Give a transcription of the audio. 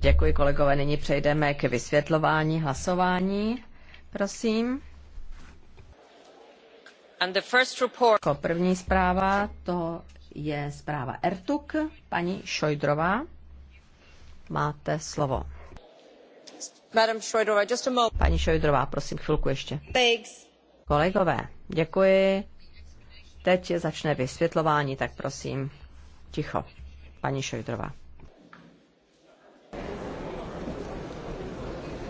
Děkuji kolegové, nyní přejdeme k vysvětlování hlasování. Prosím. Jako první zpráva, to je zpráva Ertuk, paní Šojdrová. Máte slovo. Paní Šojdrová, prosím, chvilku ještě. Thanks. Kolegové, děkuji. Teď začne vysvětlování, tak prosím, ticho. Paní Šojdrová.